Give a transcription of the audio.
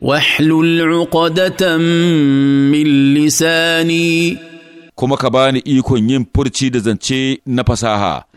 واحلل عقدة من لساني kuma ka bani ikon yin furci da zance na fasaha